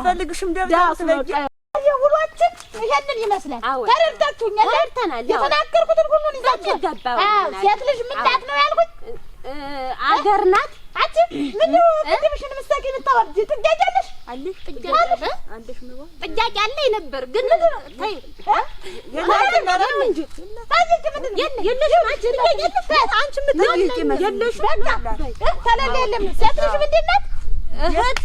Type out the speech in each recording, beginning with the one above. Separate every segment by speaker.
Speaker 1: አያስፈልግሽም ደብዳቤ ውሏችን ይሄንን ይመስላል። ተረድታችሁኛል? ተረድተናል። የተናገርኩትን ሁሉን ይዛችሁ ገባው። ሴት ልጅ ምንጣፍ ነው ያልኩኝ አገር ናት። አንቺ ምን ቅድምሽን ምሳቄ የምታወርድ ጥያቄያለሽ አለሽ ጥያቄ አለኝ ነበር ግን ተይ የለሽም አንቺ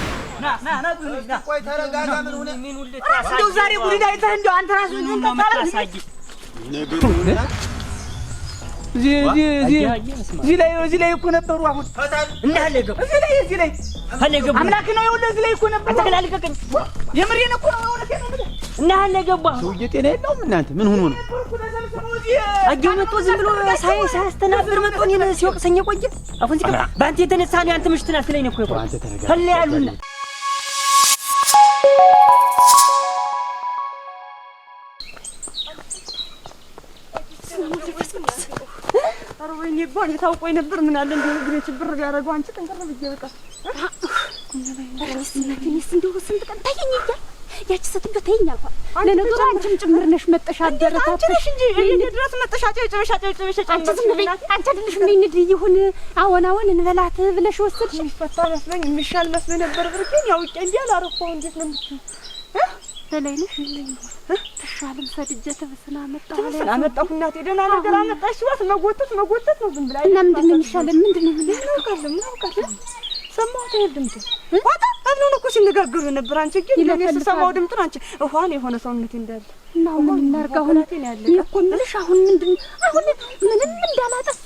Speaker 1: እንደው ዛሬ ጉድ አይተህ እንደው አንተ ራስህ እዚህ ላይ እኮ ነበሩ። አሁን አምላክ ነው የሆነ እዚህ ላይ እኮ ነበሩ። የምሬን እኮ ነው የሆነ እንዳለ ሰውዬ ጤና የለውም። እናንተ ምን ሆኖ ነው አየሁ መጥቶ ዝም ብሎ ሳያስተናብር መጥቶ እኔን ሲወቅሰኝ ቆየ። አሁን በአንተ የተነሳ ነው። አንተ ምሽትን አትለኝ ነው እኮ ያሉና ልቧን የታውቆ ነበር። ምን አለ እንደው እግሬ ችብር ቢያደርገው አንቺ ጥንቅር ብዬ በቃ እኔስ እንደው ስንት ቀን ታየኝ እያል ያቺ ሰት እንዲሁ ተይኝ አልኳት። ለነገሩ አንቺም ጭምር ነሽ መጠሻ ነሽ እንጂ እኔ ድረስ መጠሻ ጨብጨበሻ ጨብጨበሻ አንቺ ዝም በይ። አንቺ አይደለሽ ምን ንድ ይሁን አዎን አዎን እንበላት ብለሽ ወሰድሽ። የሚፈታ መስሎኝ የሚሻል መስሎኝ ነበር። ብርኬን ያውቄ እንዲህ አላረፈው እንዴት ነው የምትይው? በላይ ነሽ ትሻልም ሰድጄ ትብስና መጣሁ ትብስና መጣሁ። እናቴ ደህና ነገር አመጣችኋት። መጎተት መጎተት ነው ዝም ብላ እና ምንድን ነው የሚሻለን? ምንድን ነው ምን እናውቃለን? ምን አውቃለን? ሰማሁት አይደል ድምፁን ዋጣ አብነውን እኮ ሲነጋገሩ ነበር። አንቺ ግን ለኔ ስሰማው ድምፁን አንቺ እኋን የሆነ ሰውነት እንዳለ እና ምን እናድርግ አሁን እኮ የምልሽ አሁን ምንድን አሁን ምንም እንዳላጠፋ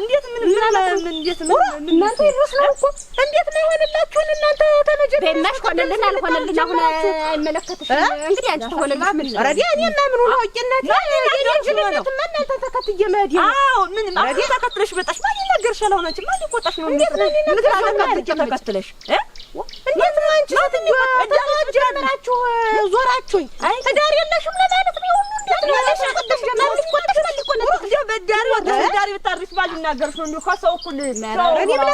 Speaker 1: እንዴት ምን ምናምን እንዴት ምን እናንተ ይመስላል እኮ እንዴት ነው የሆነላችሁን? እናንተ ተመጀመሪያ በእናሽ ሆነልን አልሆነልን አሁን አይመለከትሽም። እንግዲህ አንቺ ትሆነልሽ ምን ረዲ እኔ እና ምን ሆነ ወጭነት የልጅነት ማን አንተ ተከትዬ መሄድ አዎ ምን ረዲ ተከትለሽ በጣሽ ማን ይነገርሻል? አሁን አንቺ ማን ነው እንዴት ነው ንግራ ለካ ተከትለሽ እ እንዴት ነው አንቺ ሰትኛ እዳራችሁ ዞራችሁኝ ትዳር የለሽም ለማለት ሲባል ልናገርሽ ነው። እንዲሁ ከሰው እኩል እኔ ምን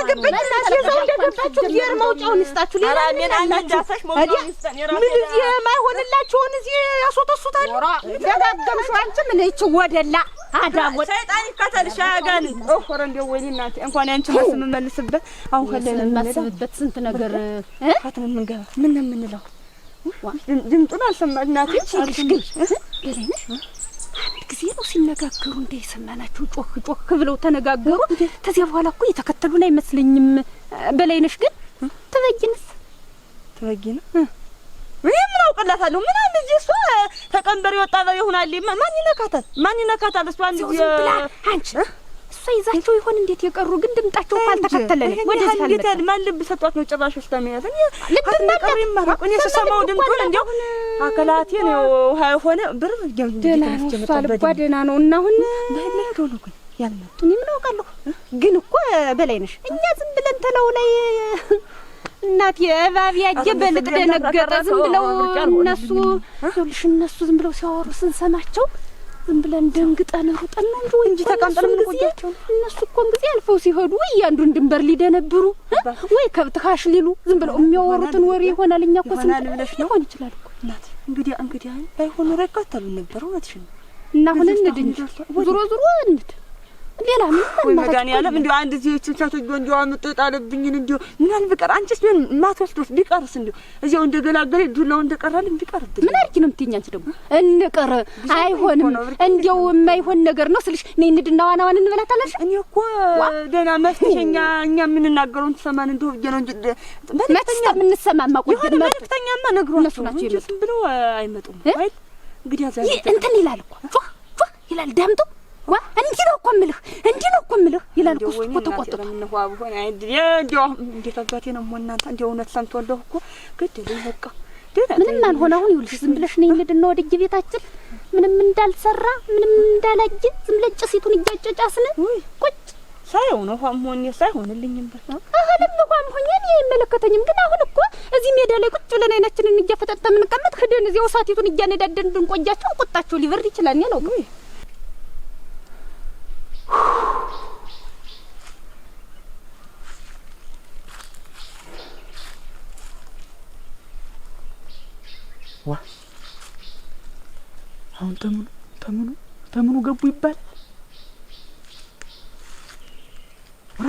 Speaker 1: አገባኝ እናቴ፣ እዛው እንደገባችሁ ብሔር መውጫውን ይስጣችሁ። ሌላ ምን አላችሁ? ምን እዚህ የማይሆንላችሁን እዚህ ያስወተሱታል። ደጋገምሽ አንቺ ምን ይች ወደላ አዳወጥ ሰይጣን ይከተልሽ። አጋን ኦሆረ እንደው ወይኔ እናቴ፣ እንኳን ያንቺ መስም መልስበት። አሁን ከለለ የማስብበት ስንት ነገር አትም ምን ምን የምንለው ድምጡን አልሰማሽ እናቴ። እሺ ግን ገለነሽ አንድ ጊዜ ነው ሲነጋገሩ እንደ የሰማናቸው ጮህ ጮህ ብለው ተነጋገሩ። ከዚያ በኋላ እኮ እየተከተሉን አይመስለኝም። በላይነሽ ግን ትበይንስ ትበይን ይህ ምን አውቅላታለሁ? ምን አንድ ጊዜ እሷ ተቀንበር የወጣ ይሆናል። ማን ይነካታል? ማን ይነካታል? እሷ አንድ ጊዜ አንቺ ይዛቸው ይሆን እንዴት የቀሩ ግን ድምጣቸው እኮ አልተከተለን። ወደዚህ እንዴት ማን ልብ ሰጧት ነው ጭራሽ ውስጥ የሚያዘን ልብ ማቀር ይማራቁ እኔ ድምጡን እንዲያው አከላቴ ነው ውሃ የሆነ ብር ልቧ ደህና ነው እና አሁን ባለዶ ነው ግን ያልመጡ እኔ ምን አውቃለሁ። ግን እኮ በላይ ነሽ እኛ ዝም ብለን ተለው ላይ እናት የእባብ ያየ በልጥ ደነገጠ። ዝም ብለው እነሱ ልሽ እነሱ ዝም ብለው ሲያወሩ ስንሰማቸው ዝም ብለን ደንግጠን ሩጠን ነው እንጂ ወይ እንጂ ተቀምጠን ምን ቆያቸው። እነሱ እኮ እንግዲህ አልፈው ሲሄዱ ወይ ያንዱን ድንበር ሊደነብሩ ወይ ከብት ካሽ ሊሉ ዝም ብለው የሚያወሩትን ወሬ ይሆናል። እኛ እኮ ስንት ሊሆን ይችላል እኮ እናት እንግዲህ እንግዲህ ባይሆኑ ረካታሉ ነበር። እውነትሽን እና አሁን እንድ እንጂ ዙሮ ዙሮ እንድ ሌላ ምን መድኃኒዓለም እንዲሁ አንድ እዚህችን ቻቶጆ እንዲሁ አምጦ ጣለብኝን እንዲሁ ምን በቀር አንቺስ ምን ማትወስዶስ ቢቀርስ እንዲሁ እዚያው እንደገላገለ ዱላው እንደቀራል ቢቀርብት ምን አድርጊ ነው የምትይኝ አንቺ ደግሞ እንቅር አይሆንም እንዲያው የማይሆን ነገር ነው ስልሽ እኔ እንድና ዋና ዋን እንበላታለሽ። እኔ እኮ ደህና መፍትሽ እኛ እኛ የምንናገረውን ትሰማን እንዲሁ ብዬሽ ነው እንጂ መልክተኛ የምንሰማማ ቆይ የሆነ መልክተኛማ ነግሯቸው ናቸው ብለው አይመጡም አይል እንግዲህ እንትን ይላል እኮ ይላል ዳምጠው ዋ እንዲህ ነው እኮ የምልህ እንዲህ ነው እኮ የምልህ ይላል እኮ እሱ እኮ ተቆጥቶ እንዴት አባቴ ነው እናንተ እንዲያው እውነት ሰምቶለሁ እኮ ገደለኝ በቃ ምንም አልሆነ። አሁን ይኸውልሽ ዝም ብለሽ ነኝ ልድና ወደጅ ቤታችን ምንም እንዳልሰራ ምንም እንዳላየ ዝም ብለን ጭሲቱን እያጨጫስን ቁጭ ሳይሆን ነው ሆም ሆኜ ሳይሆንልኝም በቃ አሁንም ሆም ሆኜ አይመለከተኝም። ግን አሁን እኮ እዚህ ሜዳ ላይ ቁጭ ብለን አይናችንን እያፈጠጠ የምንቀመጥ ህደን እዚያው ሳቲቱን እያነዳደን ብንቆያቸው ቁጣቸው ሊበርድ ይችላል ነው ዋ አሁን ተምኑ ተምኑ ተምኑ ገቡ ይባላል። ራ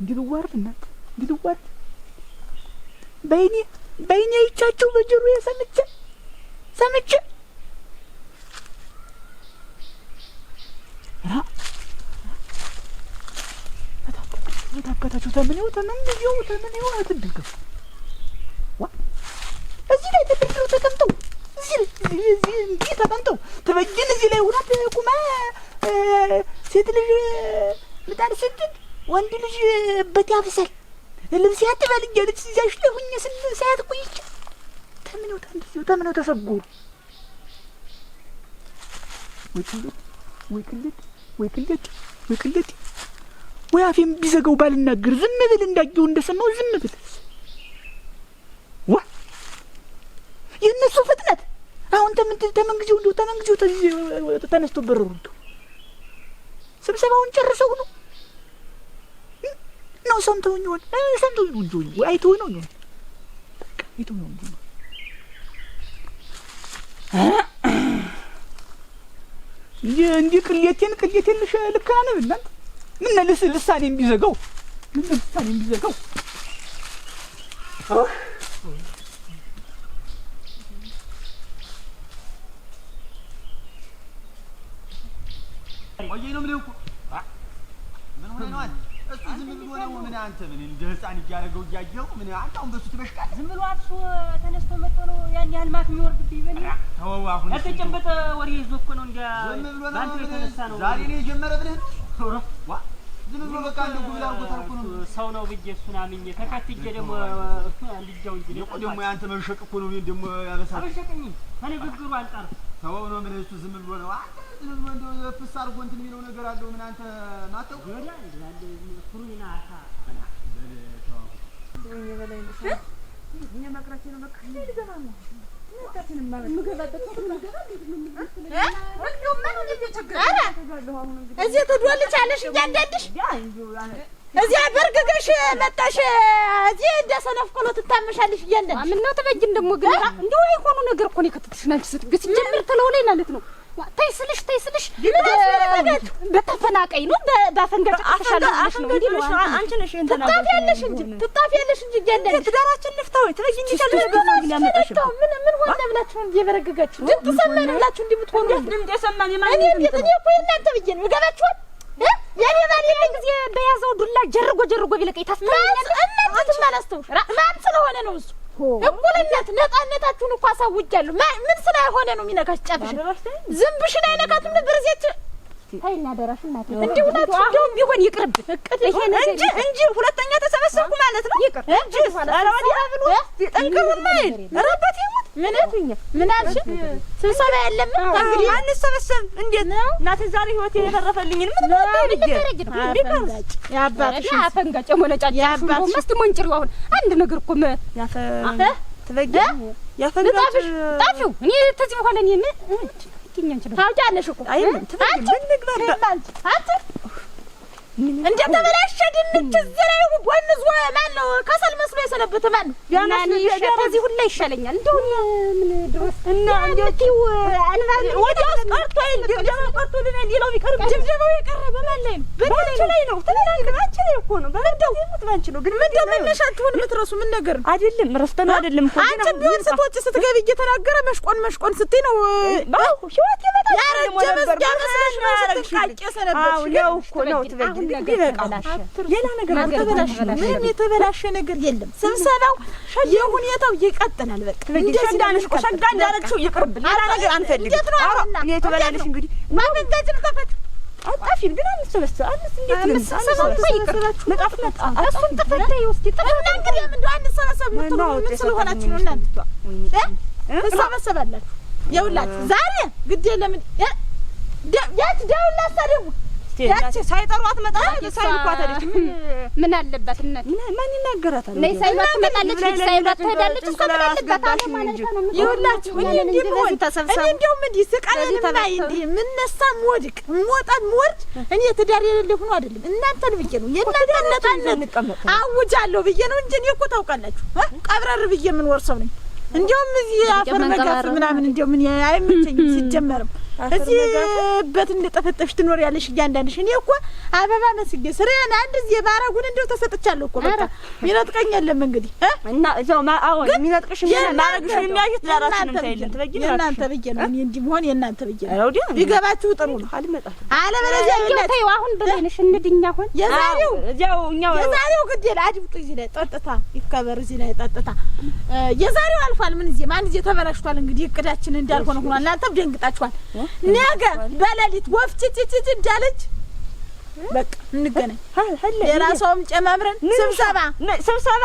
Speaker 1: እንዲት ዋርድ እናት እንዲት በይኔ በይኔ ይቻቸው በጆሮ ሰምቼ ሰምቼ ተምን ይኸው ተምን ተምን አትድርገው ዋ እዚህ ላይ ተደርድረው ተቀምጠው እዚህ እዚህ ተቀምጠው ትበጅን እዚህ ላይ ቁማ ሴት ልጅ ምጣድ ስድድ ወንድ ልጅ በት ያፍሳል ልብስ ያጥባል እያለች እዚያሽ ላይ ሁኜ ሳያት ወይ ክልት ወይ ክልት ወይ ክልት ወይ ክልት ወይ አፌም ቢዘጋው ባልናገር ዝም ብል እንዳየው እንደሰማው ዝም ብል ዋ የእነሱ ፍጥነት አሁን ተመንግዜው እንዲሁ ተመንግዜው ተነስቶ በረሩ እንዲሁ ስብሰባውን ጨርሰው ነው ነው ሰምተውኝ ሆን ሰምተውኝ ነው እንጂ ወይ አይተውኝ ነው ሆን አይተውኝ ነው እንጂ እንዲህ ቅሌቴን ቅሌቴን ልካ ነው እናንተ ምን ልሳኔ የሚዘጋው ምን ልሳኔ የሚዘጋው አንተ ምን እንደ ህፃን እያደረገው እያየኸው ምን አንተ አሁን በሱ ትበሽቃለህ። ዝም ብሎ አብሶ ተነስቶ መጥቶ ነው ያን ያህል ማት የሚወርድብህ ይበል። ተወው፣ አሁን ያልተጨበጠ ወሬ ይዞ እኮ ነው እንደ ባንተ የተነሳ ነው ዛሬ ነው የጀመረ ብለህ ዋ ዝም ብሎ በቃ እንደ ጉብላ አድርጎት አልኩ ነው ሰው ነው ብዬ እሱን አምኜ ተከትዬ ደግሞ አንድ እንጂ ደግሞ ደግሞ ያንተ መሸቅ እኮ ነው። ደግሞ ያበሳል አበሸቀኝ ከንግግሩ አንጻር ተወው ነው ምን እሱ ዝም ብሎ ነው አንተ ዝም ብሎ እንደው ፍስ አድርጎ እንትን የሚለው ነገር አለው። ምን አንተ ማተው ፍሩና አሳ በለ ተዋው እንደው መቅረቴ ነው በቃ ልገባ ነው እዚህ ትዶልች አለሽ እያንዳንድሽ እዚያ በርግገሽ መጣሽ እዚህ እንደ ሰነፍ ቆሎ ትታመሻለሽ። እያንዳንድሽ ምነው ተበጅን ደግሞ ግን እንደው የሆኑ ነገር እኮ ነው የከተትሽ ናንቺ ስትገ ሲጀምር ትለው ላይ ማለት ነው ተይ ስልሽ ተይ ስልሽ በተፈናቀይ ነው ነው እንዴ? አንቺ ነሽ እንትና እንጂ እንጂ ትዳራችን ንፍታው ይችላል። ምን ምን ሆነ ብላችሁ እንዴ ድምፅ ሰማን ብላችሁ እንዴ የምትሆኑ ድምፅ የማን እኔ እኮ የእናንተ ብዬ ነው የኔ ጊዜ በያዘው ዱላ ጀርጎ ጀርጎ ቢለቀኝ እናንተ ማን ስለሆነ ነው እሱ እኩልነት ነፃነታችሁን እኮ አሳውጃለሁ። ምን ስላልሆነ ነው የሚነካሽ? ጫፍሽ ዝንብሽን አይነካትም ነበር እዚያች ተይና ደራሽ እናቴ እንደ እውነቱ እንደውም ቢሆን ይቅርብን እንጂ እንጂ ሁለተኛ ተሰበሰብኩ ማለት ነው። ይቅር እንጂ ብሎ ጠንክሩማ ይል ረበት ይሙት ምን አልሽኝ? ምን አልሽኝ? ስብሰባ የለም እንግዲህ አንሰበሰብም። እንዴት ነው እናቴ ዛሬ ህይወቴ የተረፈልኝን ምን ያባትሽ አፈንጋጭ የሞነጫጭ ያባትሽ መስት ሞንጭሪው አሁን አንድ ነገር እኮ ያፈ ትበጊ ያፈንጋጭ ጣፊው እኔ ተዚህ በኋላ እኔ ታውቂያለሽ እኮ እንደ ተበላሸ ድንች እዚህ ላይ ወንዝ ማነው ከሰል መስሎ የሰነበት ማነው? ከዚህ ሁላ ማን ነው? በአንቺ ላይ ነው። በአንቺ እየተናገረ መሽቆን መሽቆን ስትይ ነው ህይወት ይመጣል። ያረጀ መስጊያ መስለሽ ነው ስትቃቄ ሰነበትሽ። ነው እኮ ነው ትበል ሌላ ነገር አልተበላሸ፣ ምንም የተበላሸ ነገር የለም። ስንሰራው የሁኔታው ይቀጥላል። በቃ ሸጋ እንዳረግሽው ይቅርብን። ሌላ ነገር አንፈልግም። የተበላለሽ እንግዲህ አጣፊን ግን አንሰበሰ አንስ እንዴት ነው ሰበሰበ ይቀራችሁ መጣፍ መጣ እሱን ተፈታ ይወስድ ተፈታ እንግዲህ ምን እንደው አንሰበሰብ ነው ምን ስለሆናችሁ ነው እናንተ እ ተሰበሰባላችሁ ይኸውላችሁ ዛሬ ግድ የለም እ ደውላ ሰደው ያቺ ሳይጠሯት መጣ ሳይልኳት አለች። ምን አለበት? እናት ማን ይናገራታል? ነይ ሳይሏት ትመጣለች። ልጅ ሳይሏት ትሄዳለች። እሷ ምን አለባት አለ ማለት ነው። ይኸውላችሁ እኔ እንዲህ ብሆን እኔ እንዲያውም እንዲህ ስቃለንም ላይ እንዲህ የምነሳ የምወድቅ የምወጣ የምወርድ እኔ ትዳር የሌለ ሆኖ አይደለም እናንተን ብዬ ነው የእናንተን ነጻነት አውጃለሁ ብዬ ነው እንጂ እኔ እኮ ታውቃላችሁ ቀብረር ብዬ የምኖር ነኝ። እንዲያውም እዚህ አፈር መጋፍ ምናምን እንዲያው ምን አይመቸኝም ሲጀመርም እዚህ በት እንደጠፈጠፍሽ ያለሽ እያንዳንድሽ እኔ እኮ አበባ መስጌ ስራዬን አንድ እዚህ ባረጉን እንደው ተሰጥቻለሁ እኮ በቃ የሚነጥቀኝ የለም። እንግዲህ እና እዛው አሁን የሚነጥቅሽ ማረግሽ የሚያሽት ዳራሽንም ታይልን ትበጊ የእናንተ ብዬ ነው እኔ እንዲህ መሆን የእናንተ ብዬ ነው። ቢገባችሁ ጥሩ ነው። አልመጣም አለበለዚያ ይላል። አሁን ብለንሽ እንድኛ ሆን የዛሬው እዚያው እኛው የዛሬው ግድ ይላል። አድብጡ እዚህ ላይ ጠጥታ ይከበር እዚህ ላይ ጠጥታ የዛሬው አልፏል። ምን እዚህ ማን እዚህ ተበላሽቷል። እንግዲህ እቅዳችን እንዳልሆነ ሆኗል። እናንተም ደንግጣችኋል። ነገ በሌሊት ወፍጭጭጭ እንዳለች በቃ እንገናኝ። የራሷም ጨማምረን ስብሰባ ስብሰባ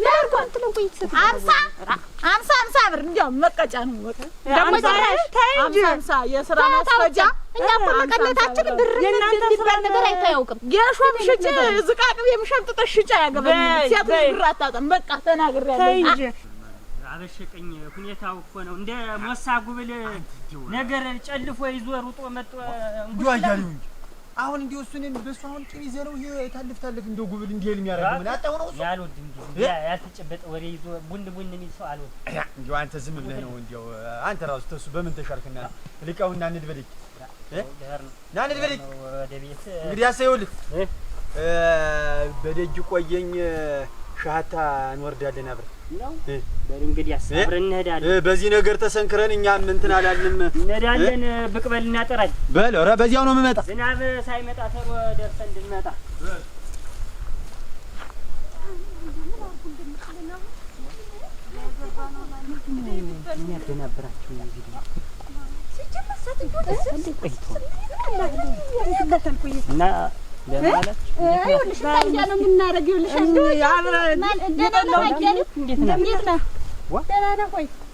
Speaker 1: አምሳ ብር እንዲያውም መቀጫ ነው። የስራ ማስፈጃ እኛ እኮ መቀነታችን ብር የሚባል ነገር አይታያውቅም። ጌሾም ሽጭ ዝቃቅቤ የምሸምጥጠሽ ሽጫ ያገባኛል። ሴት ብር አታውቅም። በቃ ተናግሬያለሁ አበሸቀኝ ሁኔታው እኮ ነው። እንደ ሞሳ ጉብል ነገር ጨልፎ ይዞ ሩጦ መጥቶ እንጉ አሁን እንዲሁ እሱን በሱ አሁን ቂም ይዘህ ነው ይሄ ታልፍ ታልፍ እንደው ጉብል እንዲህ የሚያደርግ ምን አጣሁ ነው እሱ ያልወድም እንዲሁ ያልተጨበጠ ወሬ ይዞ ቡን ቡን የሚል ሰው አልወድም። እንዲሁ አንተ ዝም ብለህ ነው እንዲሁ አንተ ራሱ ተሱ በምን ተሻልክና እና እንድበልክ ና እንድበልክ ወደ ቤት እንግዲህ አሰየውልህ በደጅ ቆየኝ ሻታ እንወርዳለን አብረን ነው። በል እንግዲህ አብረን እንሄዳለን። በዚህ ነገር ተሰንክረን እኛም እንትን አላልንም። እንሄዳለን ብቅ በል እናጠራለን። በል ኧረ በዚያው ነው የምመጣ ዝናብ ሳይመጣ ተሮ ደርሰን እንድንመጣ የሚያደናብራቸው እና ይኸውልሽ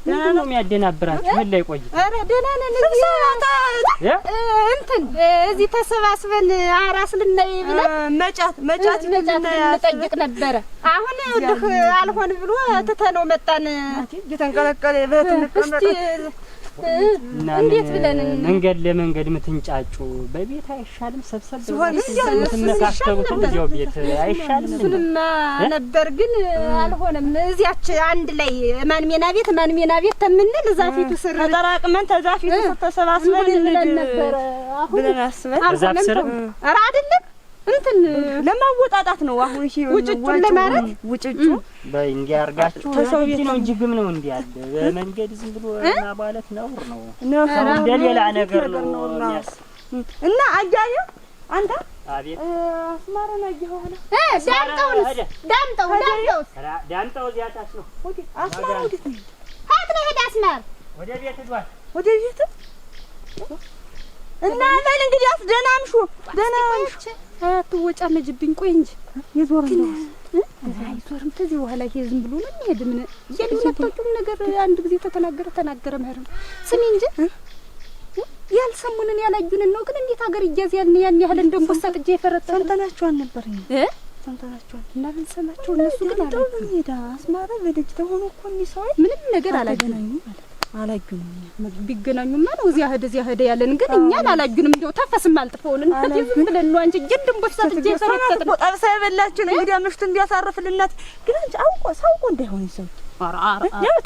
Speaker 1: ደህና ነው የሚያደናብራችሁ? ምን ላይ ቆይተህ? ኧረ ደህና ነን። እንትን እዚህ ተሰባስበን አራስ ልናይ ብለን መጫት መጫት ልንጠይቅ ነበረ። አሁን ይኸውልህ አልሆን ብሎ ትተነው መጣን። እየተንቀለቀለ እንዴት ብለን መንገድ ለመንገድ የምትንጫጩ በቤት አይሻልም? ሰብሰብ ሲሆን የምትነካከሩት እዚያው ቤት አይሻልም? እሱንማ ነበር ግን አልሆነም። እዚያች አንድ ላይ ማንሜና ቤት ማንሜና ቤት ተምንል እዛ ፊቱ ስር ተጠራቅመን ተዛ ፊቱ ተሰባስበን ብለን ነበረ። አሁን ብለን አስበን ዛፍ ስር አይደለም እንትን ለማወጣጣት ነው። አሁን ይሄ ውጭጩን ለማረት ውጭጩ በይ እንዲህ ተሰው ቤት ነው እንጂ ግም ነው እንዲህ በመንገድ ዝም ብሎ ማባለት ነውር ነው፣ እንደ ሌላ ነገር ነው እና አያየው አንተ አቤት አስማራን አየኸው እ ዳምጠውንስ ዳምጠው ዳምጠውስ ዳምጠው እዚያ ታች ነው። ኦኬ አስማራ ወዴት ነው? ሀት ነው ሄደ አስማር ወደ ቤት ሄዷል። ወደ ቤት እና በል እንግዲህ ደህና አምሹ፣ አትወጫለጅብኝ። ቆይ እንጂ የዞርም አይዞርም። ከዚህ በኋላ ይሄ ዝም ብሎ ነው የሚሄድ። ምን የሌለባቸውም ነገር አንድ ጊዜ ተተናገረ ተናገረ መህርም ስሚ እንጂ ያልሰሙንን ያላዩንን ነው። ግን እንዴት ሀገር እያዝ ያልን ያን ያህል እንደ አንበሳ ጥጃ የፈረጠ ሰምተናቸዋል ነበር ሰምተናቸዋል እና ብንሰማቸው እነሱ ግን አላ ሄዳ አስማራ በደጅ ተሆኖ እኮ እኒህ ምንም ነገር አላገናኙ ማለት አላዩንም። ቢገናኙማ ነው እዚያ ሄደ እዚያ ሄደ ያለን፣ ግን እኛን አላዩንም። እንደው ተፈስም እንዴ ዝም ብለን ነው አንቺ ጀንድም ጅንድን እጄ ሰጥቼ ሰራት ጠብሳ ነው እንግዲህ አምሽቱ እንዲያሳርፍልናት ግን አንቺ አውቆ ሳውቆ እንዳይሆን ሰው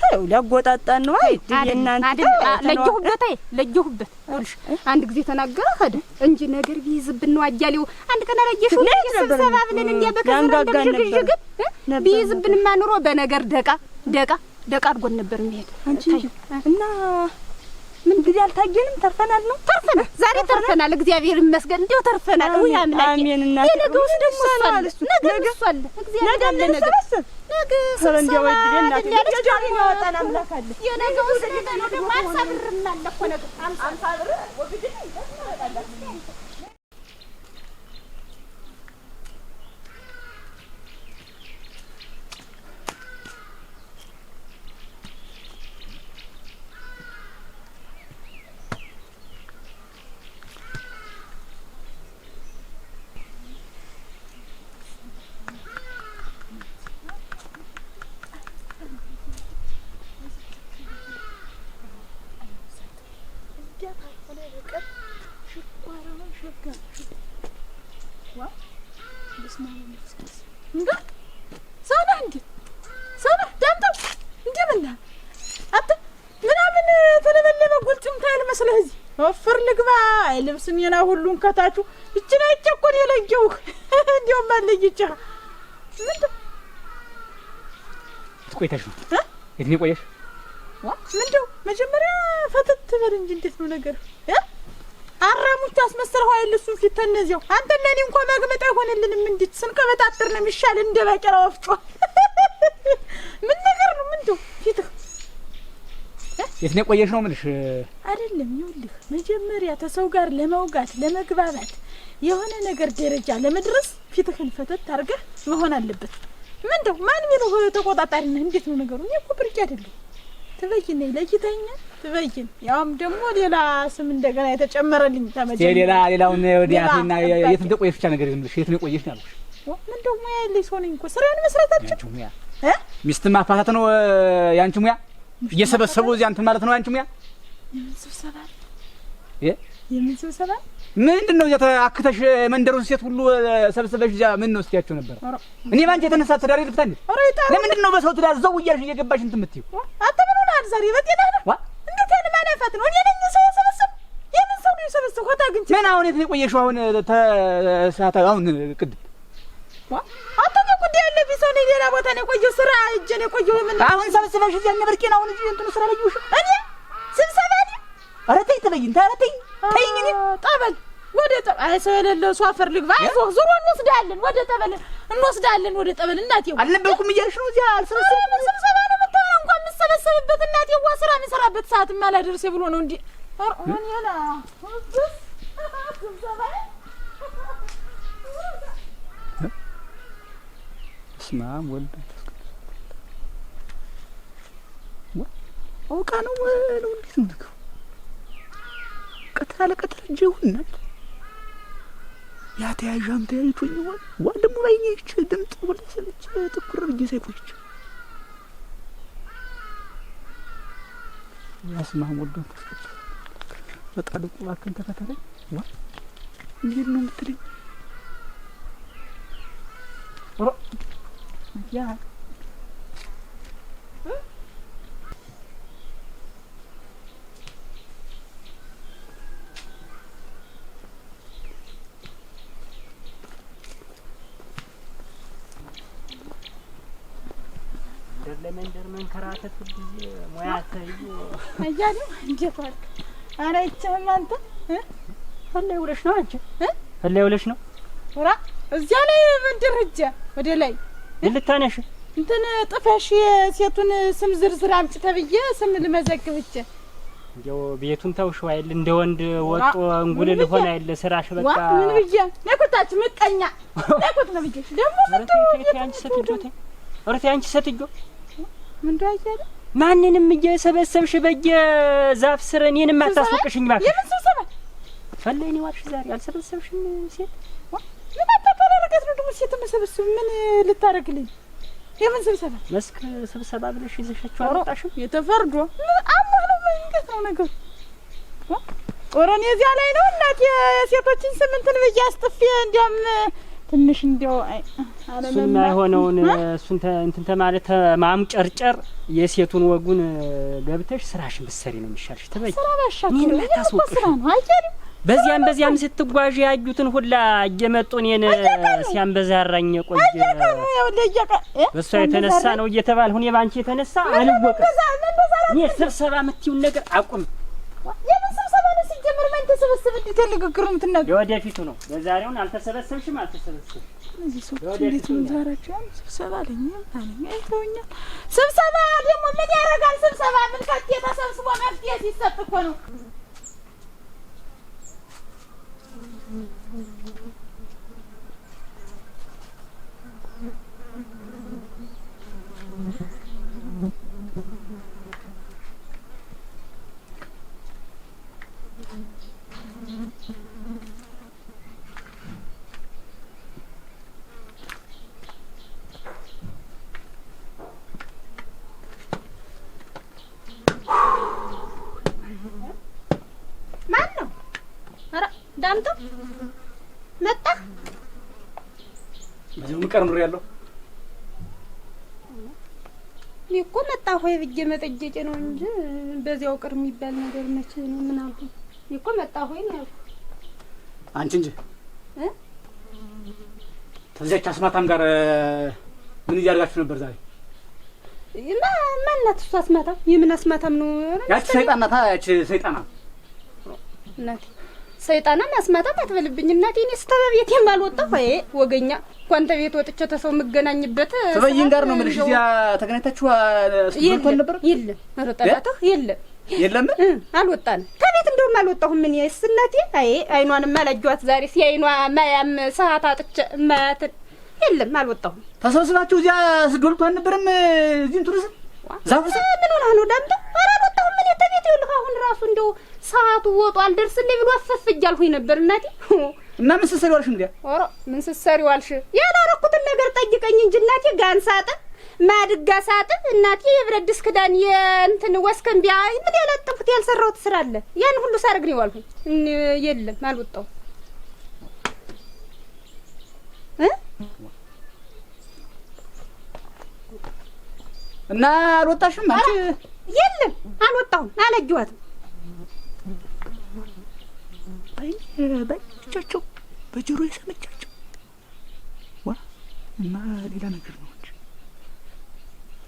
Speaker 1: ታው ሊያጎጣጣን ነው። አይ እናንተ ለየሁበት፣ አይ ለየሁበት አንድ ጊዜ ተናገረ ሄደ እንጂ ነገር ቢይዝብን ነው አያሌው። አንድ ቀን አላየሽው ስብሰባ ብለን እንዲያ በከሰራ እንደሽግሽግን ቢይዝብንማ ማኑሮ በነገር ደቃ ደቃ ደቃ አድርጎን ነበር የሚሄድ አንቺ እና ምን ጊዜ አልታየንም። ተርፈናል ነው ተርፈናል። ዛሬ ተርፈናል። እግዚአብሔር ይመስገን እንዲያው ተርፈናል። ወይ አምላኬ አሜን። እና ነገ ውስጥ ደግሞ ሳለ ነገ ሳለ እግዚአብሔር አለ ነገ ነገ ሰረንዲያ ወይ ድገና ጃሪ ነው ወጣን አምላክ አለ የነገ ውስጥ ደግሞ አልሳብርም አለ እኮ ነገ አምሳ ብር ወግድ ነው ይወጣላችሁ አይ ልብስም የና ሁሉን ከታችሁ እችን አይቼ እኮ ነው የለየሁህ። እንዲያውም አለየችህ። ምንድን ቆይታሽ ነው? የት ነው ምንድው መጀመሪያ ፈትት በል እንጂ እንዴት ነው ነገር? አራሙች አስመሰልኸው አይደል? እሱን ፊት ተነዚያው አንተና እኔ እንኳ መግመጥ አይሆንልንም። እንዴት ስንቀበጣጥር ነው የሚሻል? እንደ ባቄላ ወፍጮ ምን ነገር ነው ምንድው ፊትህ የት ነው የቆየሽ ነው የምልሽ። አይደለም ይኸውልህ፣ መጀመሪያ ተሰው ጋር ለመውጋት ለመግባባት፣ የሆነ ነገር ደረጃ ለመድረስ ፊትህን ፈተት አድርገህ መሆን አለበት። ምንድነው ማን የሚለው ተቆጣጣሪ ነህ? እንዴት ነው ነገሩ? እኔ እኮ ብርቅ አይደለሁ። ትበይን ለይተኛ ትበይን። ያውም ደግሞ ሌላ ስም እንደገና የተጨመረልኝ ተመጀ ሌላ ሌላውን ወዲያትና የት እንደ ቆየሽ ብቻ ነገር የምልሽ የት ነው የቆየሽ ነው ያልኩሽ። ምንድነው ሙያ ያለኝ ሰው ነኝ እኮ ስራዬን መስራት አልችልም። ሙያ ሚስት ማፋታት ነው ያንቺ ሙያ እየሰበሰቡ እዚያ እንትን ማለት ነው። አንቺ ሙያ ስብሰባ የምን ስብሰባ ምንድን ነው? እዚያ ተአክተሽ መንደሩን ሴት ሁሉ ሰብስበሽ እዚያ ምን ነው ስትያቸው ነበር? እኔ ባንቺ የተነሳ ትዳር ልፍታ እንዴ? ለምንድን ነው በሰው ትዳር ዘው እያልሽ እየገባሽ እንትን የምትይው? አትምኑን ዛሬ በጤና ነው እንዴት ያን ማለፋት ነው? እኔ ነኝ ሰው ሰበሰብ የምን ሰው ነው የሰበሰብ? ሆታ ግን ምን አሁን የት ነው የቆየሽው? አሁን ተሳታ አሁን ቅድም አንተ እኮ ጉዳይ ያለብኝ ሰው ነኝ። ሌላ ቦታ ነው የቆየው ስራ ሂጅ ነው የቆየው። ምን አሁን ሰብስበሽ እዚያ እነ ብርቄን አሁን እንትኑ ስራ ለይውሽ እኔ ስብሰባ እኔ ኧረ ተይ ትበይ እንትን ኧረ ተይ ተይኝ። እኔ ጠበል ወደ ጠበል አይ ሰው የሌለው ሰው አፈር ልግባ። አይዞህ ዙሮ እንወስዳለን ወደ ጠበል እንወስዳለን ወደ ጠበል። እናቴ አልነበርኩም እያልሽ ነው እዚያ አልሰበሰብም ስብሰባ ነው የምታወራው። እንኳን የምትሰበሰብበት እናቴ ዋ ስራ የምሰራበት ሰዓትማ አላደርሴ ብሎ ነው እንዲህ ኧረ እኔ ስብሰባ በስመ አብ ወልድ አውቃ ነው ነው እንዴት ነው ቀጥታ ለቀጥታ እጄ ይሆናል ያ ተያዣም ተያይቶኝ ይሆን ወንድሙ ላይ ድምፅ ወደ ሰለች ትኩር ልጅ ሰይፎች ያስማ ወደን ተስከች በጣልቁ እባክህን ዋ እንዴት ነው የምትለኝ? มันยาก ለመንደር መንከራተት ሁልጊዜ ሙያ ተይዞ እያለ እንዴት ዋልክ? አንተ ነው እዚያ ላይ ወደ ላይ ልታነሽ እንትን ጥፈሽ የሴቱን ስም ዝርዝር አምጭ ተብዬ ስም ልመዘግብች እች እንዲያው ቤቱን ተውሽ አይደል? እንደ ወንድ ወጦ እንጉልል ሆነ አይደል? ስራሽ በቃ ዋ ምን ብዬ ነኩታች ምቀኛ ነኩት ነው ብዬ ደግሞ አንቺ ሰትጆ ርቴ አንቺ ሰትጆ ምንዱ አይቻለ ማንንም እየሰበሰብሽ በየ ዛፍ ስር እኔንም አታስወቅሽኝ ባክሽ። የምን ስብሰባ ፈለይ ነው ዋልሽ ዛሬ አልሰበሰብሽም ሴት ምን አደረጋት ነው ደግሞ የተመሰበሰብ ምን ልታደርግልኝ? የምን ስብሰባ መስክ ስብሰባ ብለሽ ይዘሻቸው አልወጣሽም? የተፈርዶ አማ ነው መንገት ነው ነገሩ ጦረን የዚያ ላይ ነው እናት የሴቶችን ስም እንትን ብዬ አስጥፌ እንዲያም ትንሽ እንዲያው እሱና የሆነውን እሱን እንትን ተማለት ማምጨርጨር የሴቱን ወጉን ገብተሽ ስራሽን ምሰሪ ነው የሚሻልሽ። ተበይ ስራ ባሻሽ ስራ ነው አየሪ በዚያም በዚያም ስትጓዥ ያዩትን ሁላ እየመጡ እኔን ሲያንበዛራኝ ቆየ። በእሷ የተነሳ ነው እየተባል እኔ ባንቺ የተነሳ አልወቀ እኔ ስብሰባ የምትይውን ነገር አቁም። የምን ስብሰባ ነው ሲጀምር? ማን እንዴት ያለ የምትናገር? የወደፊቱ ነው። አልተሰበሰብሽም፣ አልተሰበሰብሽም። እዚህ ሰዎች እንዴት ስብሰባ አለኝ አይተውኛል። ስብሰባ ደግሞ ምን ያደርጋል? ስብሰባ ምን ከቴ ተሰብስቦ መፍትሄ ሲሰጥ እኮ ነው ማን ነው? ኧረ ዳምጠው መጣ። ብዙም ቀር ኑር ያለው እኔ እኮ መጣ ሆይ ብዬ መጠየቄ ነው እንጂ በዚያው ቅር የሚባል ነገር መቼ ነው? ምን አልኩኝ? እኮ መጣ ሆይ ነው ያልኩት። አንቺ እንጂ ተዚያች አስማታም ጋር ምን እያደርጋችሁ ነበር ዛሬ? ማናት እሷ? አስማታም የምን አስማታም ነው? ያቺ ሰይጣናታ ያቺ ሰይጣና እናቴ ሰይጣናም አስማታም አትበልብኝ እናቴ። እኔ ስተበቤት የማልወጣሁ ይ ወገኛ ኳንተ ቤት ወጥቼ ተሰው የምገናኝበት ትበይን ጋር ነው የምልሽ። እዚያ ተገናኝታችሁ ስቶ አልነበረ? የለም ኧረ ጠላትህ የለም የለም አልወጣንም። ከቤት እንደውም አልወጣሁም። ምን ያስናቴ? አይ አይኗንም አላየኋት ዛሬ። ሲያይኗ ማያም ሰዓት አጥቼ ማያትን የለም አልወጣሁም። ተሰብስባችሁ እዚያ ስዶልቱ አልነበረም? እዚህን ቱርስ ዛፍስ ምን ሆና ነው ዳምጠ ኧረ አልወጣሁም። ምን የተቤት ይኸውልህ፣ አሁን ራሱ እንደው ሰዓቱ ወጡ አልደርስልኝ ብሎ አፈፍጅ አልሁኝ ነበር እናቴ። እና ምን ስትሰሪ ዋልሽ? እንግዲያ ኧረ ምን ስትሰሪ ዋልሽ? ያላረኩትን ነገር ጠይቀኝ እንጂ እናቴ። ጋን ሳጥን፣ ማድጋ ሳጥን እናቴ፣ የብረት ድስት ክዳን፣ የእንትን ቢያ ምን ያላጠፉት ያልሰራሁት ስራ አለ። ያን ሁሉ ሳርግ ነው ዋልሁኝ። የለም አልወጣሁም እና አልወጣሽም አንቺ? የለም አልወጣሁም፣ አላየኋትም። ባይቻቸው በጆሮ የሰመቻቸው ዋ እና ሌላ ነገር ነው እንጂ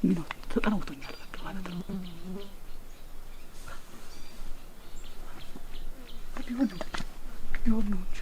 Speaker 1: ምነው ተጠናውቶኛል በቃ ማለት ነው። ቢሆን ነው ቢሆን ነው እንጂ